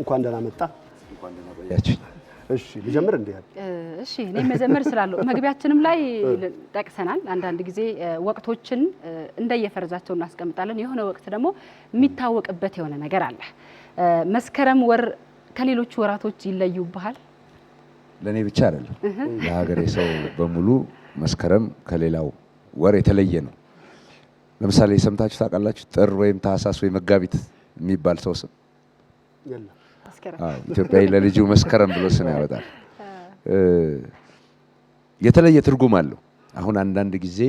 እንኳን ደህና መጣ። እሺ ልጀምር እንዴ? እሺ እኔ መጀመር ስላለው መግቢያችንም ላይ ጠቅሰናል። አንዳንድ ጊዜ ወቅቶችን እንደየፈረዛቸው እናስቀምጣለን። የሆነ ወቅት ደግሞ የሚታወቅበት የሆነ ነገር አለ። መስከረም ወር ከሌሎች ወራቶች ይለዩብሃል። ለእኔ ብቻ አይደለም፣ ለሀገሬ ሰው በሙሉ መስከረም ከሌላው ወር የተለየ ነው። ለምሳሌ ሰምታችሁ ታውቃላችሁ? ጥር ወይም ታህሳስ ወይ መጋቢት የሚባል ሰው ስም ኢትዮጵያዊ ለልጁ መስከረም ብሎ ስም ያወጣል። የተለየ ትርጉም አለው። አሁን አንዳንድ ጊዜ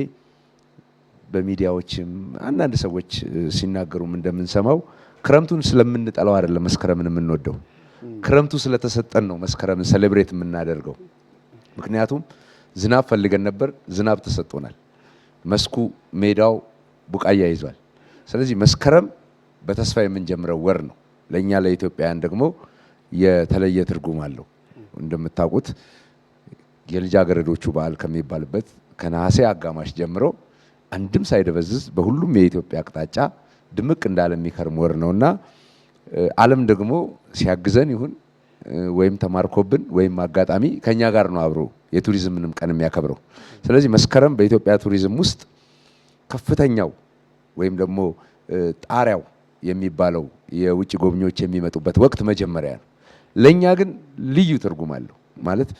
በሚዲያዎችም አንዳንድ ሰዎች ሲናገሩም እንደምንሰማው ክረምቱን ስለምንጠላው አይደለም መስከረምን የምንወደው፣ ክረምቱ ስለተሰጠን ነው መስከረምን ሴሌብሬት የምናደርገው። ምክንያቱም ዝናብ ፈልገን ነበር፣ ዝናብ ተሰጥቶናል። መስኩ ሜዳው ቡቃያ ይዟል። ስለዚህ መስከረም በተስፋ የምንጀምረው ወር ነው። ለእኛ ለኢትዮጵያውያን ደግሞ የተለየ ትርጉም አለው። እንደምታውቁት የልጃገረዶቹ በዓል ከሚባልበት ከነሐሴ አጋማሽ ጀምሮ አንድም ሳይደበዝዝ በሁሉም የኢትዮጵያ አቅጣጫ ድምቅ እንዳለ የሚከርም ወር ነውና ዓለም ደግሞ ሲያግዘን ይሁን ወይም ተማርኮብን ወይም አጋጣሚ ከኛ ጋር ነው አብሮ የቱሪዝምንም ቀን የሚያከብረው። ስለዚህ መስከረም በኢትዮጵያ ቱሪዝም ውስጥ ከፍተኛው ወይም ደግሞ ጣሪያው የሚባለው የውጭ ጎብኚዎች የሚመጡበት ወቅት መጀመሪያ ነው። ለእኛ ግን ልዩ ትርጉም አለው። ማለት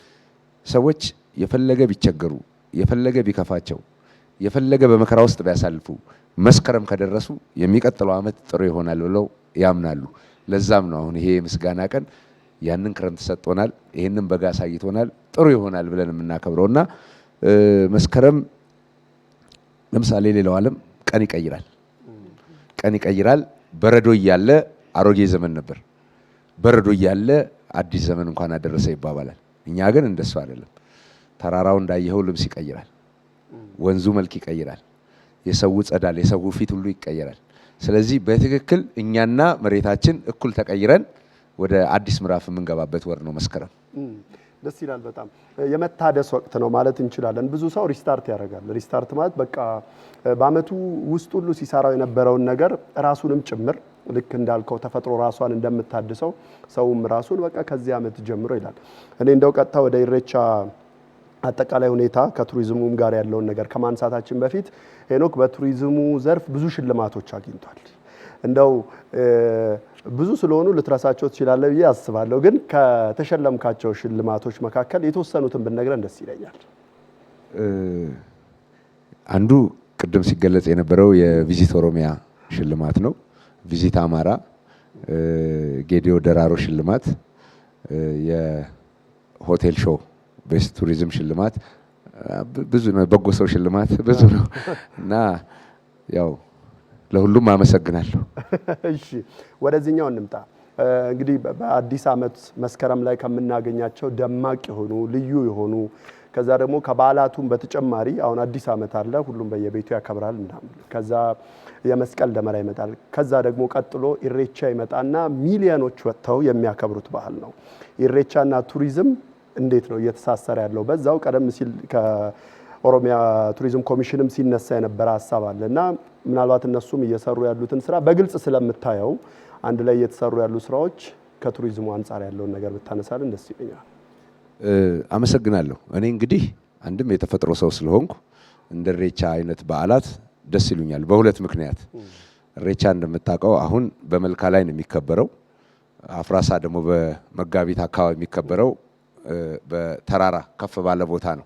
ሰዎች የፈለገ ቢቸገሩ፣ የፈለገ ቢከፋቸው፣ የፈለገ በመከራ ውስጥ ቢያሳልፉ መስከረም ከደረሱ የሚቀጥለው ዓመት ጥሩ ይሆናል ብለው ያምናሉ። ለዛም ነው አሁን ይሄ የምስጋና ቀን ያንን ክረምት ሰጥቶናል፣ ይህንን በጋ አሳይቶናል፣ ጥሩ ይሆናል ብለን የምናከብረው እና መስከረም ለምሳሌ ሌላው ዓለም ቀን ይቀይራል ቀን ይቀይራል። በረዶ እያለ አሮጌ ዘመን ነበር፣ በረዶ እያለ አዲስ ዘመን እንኳን አደረሰ ይባባላል። እኛ ግን እንደሱ አይደለም። ተራራው እንዳየኸው ልብስ ይቀይራል፣ ወንዙ መልክ ይቀይራል፣ የሰው ጸዳል፣ የሰው ፊት ሁሉ ይቀይራል። ስለዚህ በትክክል እኛና መሬታችን እኩል ተቀይረን ወደ አዲስ ምዕራፍ የምንገባበት ወር ነው መስከረም። ደስ ይላል። በጣም የመታደስ ወቅት ነው ማለት እንችላለን። ብዙ ሰው ሪስታርት ያደርጋል። ሪስታርት ማለት በቃ በአመቱ ውስጥ ሁሉ ሲሰራው የነበረውን ነገር ራሱንም ጭምር ልክ እንዳልከው ተፈጥሮ ራሷን እንደምታድሰው ሰውም ራሱን በቃ ከዚህ አመት ጀምሮ ይላል። እኔ እንደው ቀጥታ ወደ ኢሬቻ አጠቃላይ ሁኔታ ከቱሪዝሙም ጋር ያለውን ነገር ከማንሳታችን በፊት ሄኖክ በቱሪዝሙ ዘርፍ ብዙ ሽልማቶች አግኝቷል። እንደው ብዙ ስለሆኑ ልትረሳቸው ትችላለህ ብዬ አስባለሁ። ግን ከተሸለምካቸው ሽልማቶች መካከል የተወሰኑትን ብነግረን ደስ ይለኛል። አንዱ ቅድም ሲገለጽ የነበረው የቪዚት ኦሮሚያ ሽልማት ነው። ቪዚት አማራ፣ ጌዲዮ ደራሮ ሽልማት፣ የሆቴል ሾው ቤስት ቱሪዝም ሽልማት ብዙ ነው። በጎ ሰው ሽልማት ብዙ ነው እና ያው ለሁሉም አመሰግናለሁ። እሺ ወደዚህኛው እንምጣ። እንግዲህ በአዲስ ዓመት መስከረም ላይ ከምናገኛቸው ደማቅ የሆኑ ልዩ የሆኑ ከዛ ደግሞ ከበዓላቱም በተጨማሪ አሁን አዲስ ዓመት አለ፣ ሁሉም በየቤቱ ያከብራል ምናምን። ከዛ የመስቀል ደመራ ይመጣል። ከዛ ደግሞ ቀጥሎ ኢሬቻ ይመጣና ሚሊዮኖች ወጥተው የሚያከብሩት በዓል ነው። ኢሬቻና ቱሪዝም እንዴት ነው እየተሳሰረ ያለው? በዛው ቀደም ሲል ኦሮሚያ ቱሪዝም ኮሚሽንም ሲነሳ የነበረ ሀሳብ አለ እና ምናልባት እነሱም እየሰሩ ያሉትን ስራ በግልጽ ስለምታየው አንድ ላይ እየተሰሩ ያሉ ስራዎች ከቱሪዝሙ አንጻር ያለውን ነገር ብታነሳልን ደስ ይለኛል። አመሰግናለሁ። እኔ እንግዲህ አንድም የተፈጥሮ ሰው ስለሆንኩ እንደ ሬቻ አይነት በዓላት ደስ ይሉኛል በሁለት ምክንያት። ሬቻ እንደምታውቀው አሁን በመልካ ላይ ነው የሚከበረው። አፍራሳ ደግሞ በመጋቢት አካባቢ የሚከበረው በተራራ ከፍ ባለ ቦታ ነው።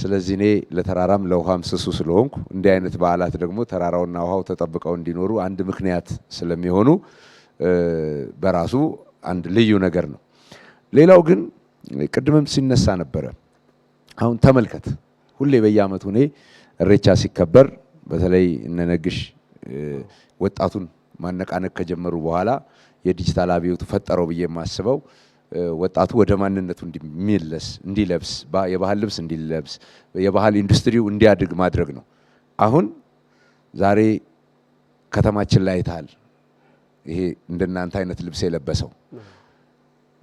ስለዚህ እኔ ለተራራም ለውሃም ስሱ ስለሆንኩ እንዲህ አይነት በዓላት ደግሞ ተራራውና ውሃው ተጠብቀው እንዲኖሩ አንድ ምክንያት ስለሚሆኑ በራሱ አንድ ልዩ ነገር ነው። ሌላው ግን ቅድምም ሲነሳ ነበረ። አሁን ተመልከት፣ ሁሌ በየዓመቱ እኔ እሬቻ ሲከበር በተለይ እነነግሽ ወጣቱን ማነቃነቅ ከጀመሩ በኋላ የዲጂታል አብዮቱ ፈጠረው ብዬ የማስበው ወጣቱ ወደ ማንነቱ እንዲመለስ እንዲለብስ የባህል ልብስ እንዲለብስ የባህል ኢንዱስትሪው እንዲያድግ ማድረግ ነው። አሁን ዛሬ ከተማችን ላይ ታል ይሄ እንደናንተ አይነት ልብስ የለበሰው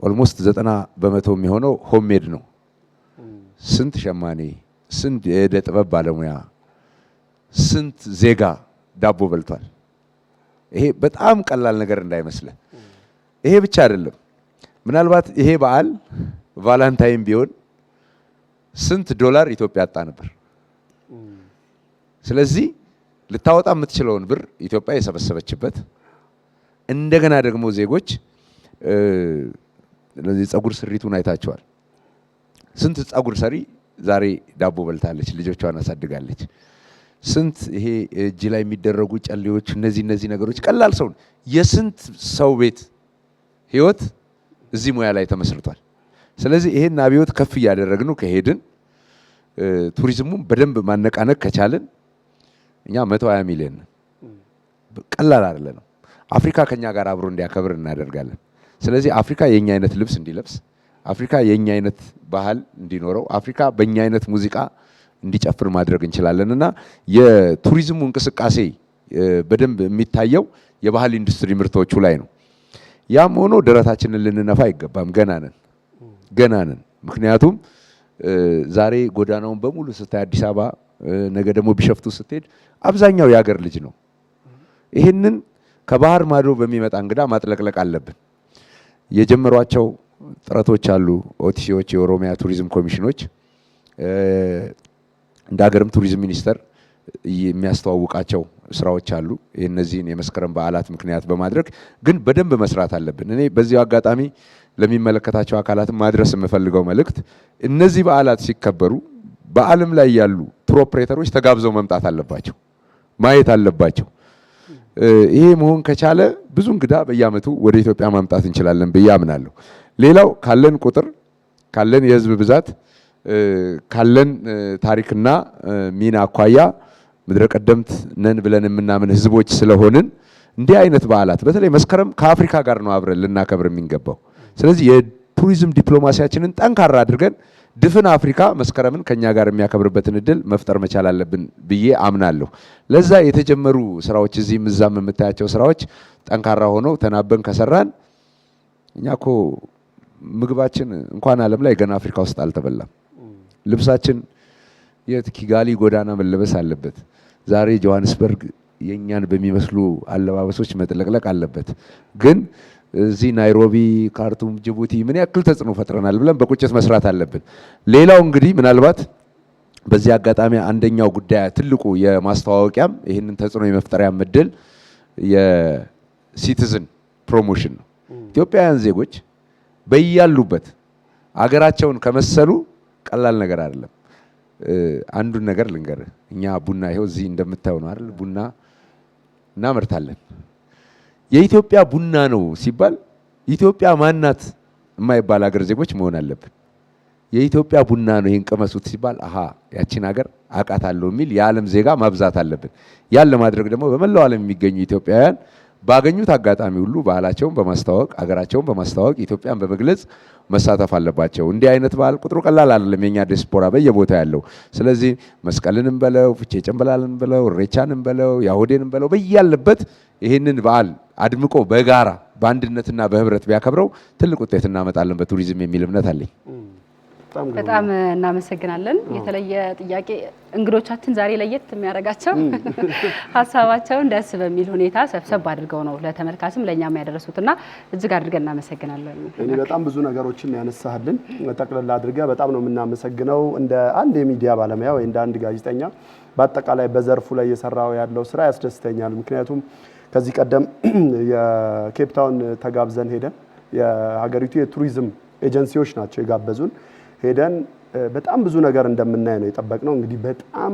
ኦልሞስት ዘጠና በመቶ የሚሆነው ሆሜድ ነው። ስንት ሸማኔ፣ ስንት የእደ ጥበብ ባለሙያ፣ ስንት ዜጋ ዳቦ በልቷል። ይሄ በጣም ቀላል ነገር እንዳይመስለ ይሄ ብቻ አይደለም። ምናልባት ይሄ በዓል ቫላንታይን ቢሆን ስንት ዶላር ኢትዮጵያ አጣ ነበር። ስለዚህ ልታወጣ የምትችለውን ብር ኢትዮጵያ የሰበሰበችበት እንደገና ደግሞ ዜጎች ለዚህ ጸጉር ስሪቱን አይታቸዋል። ስንት ጸጉር ሰሪ ዛሬ ዳቦ በልታለች፣ ልጆቿን አሳድጋለች። ስንት ይሄ እጅ ላይ የሚደረጉ ጨሌዎች፣ እነዚህ እነዚህ ነገሮች ቀላል ሰው የስንት ሰው ቤት ህይወት እዚህ ሙያ ላይ ተመስርቷል። ስለዚህ ይሄን አብዮት ከፍ እያደረግነው ከሄድን ቱሪዝሙን በደንብ ማነቃነቅ ከቻልን እኛ መቶ ሀያ ሚሊዮን ቀላል አይደለ ነው። አፍሪካ ከኛ ጋር አብሮ እንዲያከብር እናደርጋለን። ስለዚህ አፍሪካ የኛ አይነት ልብስ እንዲለብስ፣ አፍሪካ የኛ አይነት ባህል እንዲኖረው፣ አፍሪካ በእኛ አይነት ሙዚቃ እንዲጨፍር ማድረግ እንችላለን እና የቱሪዝሙ እንቅስቃሴ በደንብ የሚታየው የባህል ኢንዱስትሪ ምርቶቹ ላይ ነው። ያም ሆኖ ደረታችንን ልንነፋ አይገባም። ገና ነን፣ ገና ነን። ምክንያቱም ዛሬ ጎዳናውን በሙሉ ስታይ አዲስ አበባ፣ ነገ ደግሞ ቢሸፍቱ ስትሄድ አብዛኛው የሀገር ልጅ ነው። ይህንን ከባህር ማዶ በሚመጣ እንግዳ ማጥለቅለቅ አለብን። የጀመሯቸው ጥረቶች አሉ። ኦቲሲዎች፣ የኦሮሚያ ቱሪዝም ኮሚሽኖች፣ እንደ ሀገርም ቱሪዝም ሚኒስቴር የሚያስተዋውቃቸው ስራዎች አሉ። የእነዚህን የመስከረም በዓላት ምክንያት በማድረግ ግን በደንብ መስራት አለብን። እኔ በዚሁ አጋጣሚ ለሚመለከታቸው አካላት ማድረስ የምፈልገው መልእክት እነዚህ በዓላት ሲከበሩ በዓለም ላይ ያሉ ፕሮፕሬተሮች ተጋብዘው መምጣት አለባቸው፣ ማየት አለባቸው። ይሄ መሆን ከቻለ ብዙ እንግዳ በየዓመቱ ወደ ኢትዮጵያ ማምጣት እንችላለን ብዬ አምናለሁ። ሌላው ካለን ቁጥር ካለን የህዝብ ብዛት ካለን ታሪክና ሚና አኳያ ምድረ ቀደምት ነን ብለን የምናምን ህዝቦች ስለሆንን እንዲህ አይነት በዓላት በተለይ መስከረም ከአፍሪካ ጋር ነው አብረን ልናከብር የሚገባው። ስለዚህ የቱሪዝም ዲፕሎማሲያችንን ጠንካራ አድርገን ድፍን አፍሪካ መስከረምን ከኛ ጋር የሚያከብርበትን እድል መፍጠር መቻል አለብን ብዬ አምናለሁ። ለዛ የተጀመሩ ስራዎች እዚህ ምዛም የምታያቸው ስራዎች ጠንካራ ሆነው ተናበን ከሰራን እኛ ኮ ምግባችን እንኳን ዓለም ላይ ገና አፍሪካ ውስጥ አልተበላም። ልብሳችን የት ኪጋሊ ጎዳና መለበስ አለበት። ዛሬ ጆሃንስበርግ የእኛን በሚመስሉ አለባበሶች መጥለቅለቅ አለበት። ግን እዚህ ናይሮቢ፣ ካርቱም፣ ጅቡቲ ምን ያክል ተጽዕኖ ፈጥረናል ብለን በቁጭት መስራት አለብን። ሌላው እንግዲህ ምናልባት በዚህ አጋጣሚ አንደኛው ጉዳይ ትልቁ የማስተዋወቂያም ይህንን ተጽዕኖ የመፍጠሪያ እድል የሲቲዝን ፕሮሞሽን ነው። ኢትዮጵያውያን ዜጎች በያሉበት አገራቸውን ከመሰሉ ቀላል ነገር አይደለም። አንዱን ነገር ልንገር። እኛ ቡና ይኸው እዚህ እንደምታዩ ነው አይደል? ቡና እናመርታለን። የኢትዮጵያ ቡና ነው ሲባል ኢትዮጵያ ማናት የማይባል ሀገር ዜጎች መሆን አለብን። የኢትዮጵያ ቡና ነው ይህን ቅመሱት ሲባል አሃ ያቺን ሀገር አቃታለሁ የሚል የዓለም ዜጋ ማብዛት አለብን። ያን ለማድረግ ደግሞ በመላው ዓለም የሚገኙ ኢትዮጵያውያን ባገኙት አጋጣሚ ሁሉ ባህላቸውን በማስተዋወቅ አገራቸውን በማስተዋወቅ ኢትዮጵያን በመግለጽ መሳተፍ አለባቸው። እንዲህ አይነት በዓል ቁጥሩ ቀላል አይደለም፣ የኛ ዲያስፖራ በየቦታ ያለው። ስለዚህ መስቀልንም በለው ፍቼ ጨምበላልን በለው እሬቻንም በለው ያሁዴንም በለው በያለበት ይህንን በዓል አድምቆ በጋራ በአንድነትና በህብረት ቢያከብረው ትልቅ ውጤት እናመጣለን በቱሪዝም የሚል እምነት አለኝ። በጣም እናመሰግናለን። የተለየ ጥያቄ እንግዶቻችን ዛሬ ለየት የሚያደርጋቸው ሀሳባቸውን ደስ በሚል ሁኔታ ሰብሰብ አድርገው ነው ለተመልካችም ለእኛም ያደረሱትና እጅግ አድርገን እናመሰግናለን። እኔ በጣም ብዙ ነገሮችን ያነሳህልን ጠቅልላ አድርገ በጣም ነው የምናመሰግነው። እንደ አንድ የሚዲያ ባለሙያ ወይ እንደ አንድ ጋዜጠኛ በአጠቃላይ በዘርፉ ላይ እየሰራው ያለው ስራ ያስደስተኛል። ምክንያቱም ከዚህ ቀደም የኬፕታውን ተጋብዘን ሄደን የሀገሪቱ የቱሪዝም ኤጀንሲዎች ናቸው የጋበዙን ሄደን በጣም ብዙ ነገር እንደምናይ ነው የጠበቅነው። እንግዲህ በጣም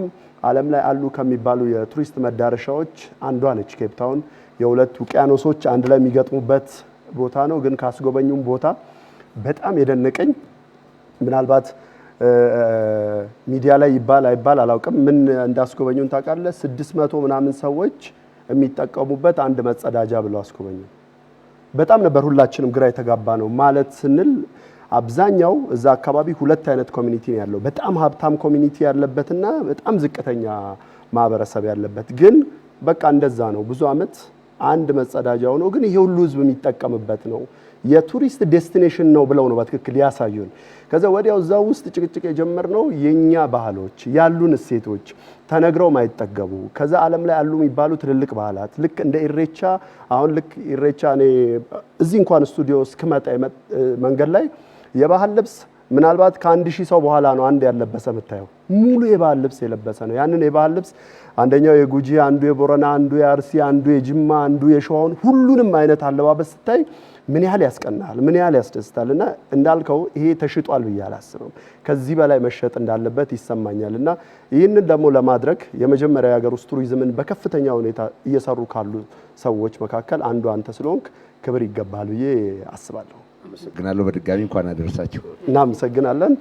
ዓለም ላይ አሉ ከሚባሉ የቱሪስት መዳረሻዎች አንዷ ነች ኬፕ ታውን። የሁለት ውቅያኖሶች አንድ ላይ የሚገጥሙበት ቦታ ነው። ግን ካስጎበኙም ቦታ በጣም የደነቀኝ ምናልባት ሚዲያ ላይ ይባል አይባል አላውቅም፣ ምን እንዳስጎበኙን ታውቃለህ? ስድስት መቶ ምናምን ሰዎች የሚጠቀሙበት አንድ መጸዳጃ ብለው አስጎበኙ። በጣም ነበር ሁላችንም ግራ የተጋባ ነው ማለት ስንል አብዛኛው እዛ አካባቢ ሁለት አይነት ኮሚኒቲ ነው ያለው። በጣም ሀብታም ኮሚኒቲ ያለበትና በጣም ዝቅተኛ ማህበረሰብ ያለበት ግን በቃ እንደዛ ነው። ብዙ አመት አንድ መጸዳጃ ነው፣ ግን ይሄ ሁሉ ህዝብ የሚጠቀምበት ነው። የቱሪስት ዴስቲኔሽን ነው ብለው ነው በትክክል ያሳዩን። ከዛ ወዲያው እዛ ውስጥ ጭቅጭቅ የጀመርነው የኛ ባህሎች ያሉን እሴቶች ተነግረው ማይጠገቡ ከዛ ዓለም ላይ አሉ የሚባሉ ትልልቅ ባህላት ልክ እንደ ኢሬቻ አሁን ልክ ኢሬቻ እኔ እዚህ እንኳን ስቱዲዮ እስክመጣ መንገድ ላይ የባህል ልብስ ምናልባት ከአንድ ሺህ ሰው በኋላ ነው አንድ ያለበሰ የምታየው። ሙሉ የባህል ልብስ የለበሰ ነው። ያንን የባህል ልብስ አንደኛው የጉጂ አንዱ የቦረና አንዱ የአርሲ አንዱ የጅማ አንዱ የሸዋውን ሁሉንም አይነት አለባበስ ስታይ ምን ያህል ያስቀናል፣ ምን ያህል ያስደስታል። እና እንዳልከው ይሄ ተሽጧል ብዬ አላስብም። ከዚህ በላይ መሸጥ እንዳለበት ይሰማኛል። እና ይህንን ደግሞ ለማድረግ የመጀመሪያ የሀገር ውስጥ ቱሪዝምን በከፍተኛ ሁኔታ እየሰሩ ካሉ ሰዎች መካከል አንዱ አንተ ስለሆንክ ክብር ይገባል ብዬ አስባለሁ። አመሰግናለሁ። በድጋሚ እንኳን አደረሳችሁ። እናመሰግናለን።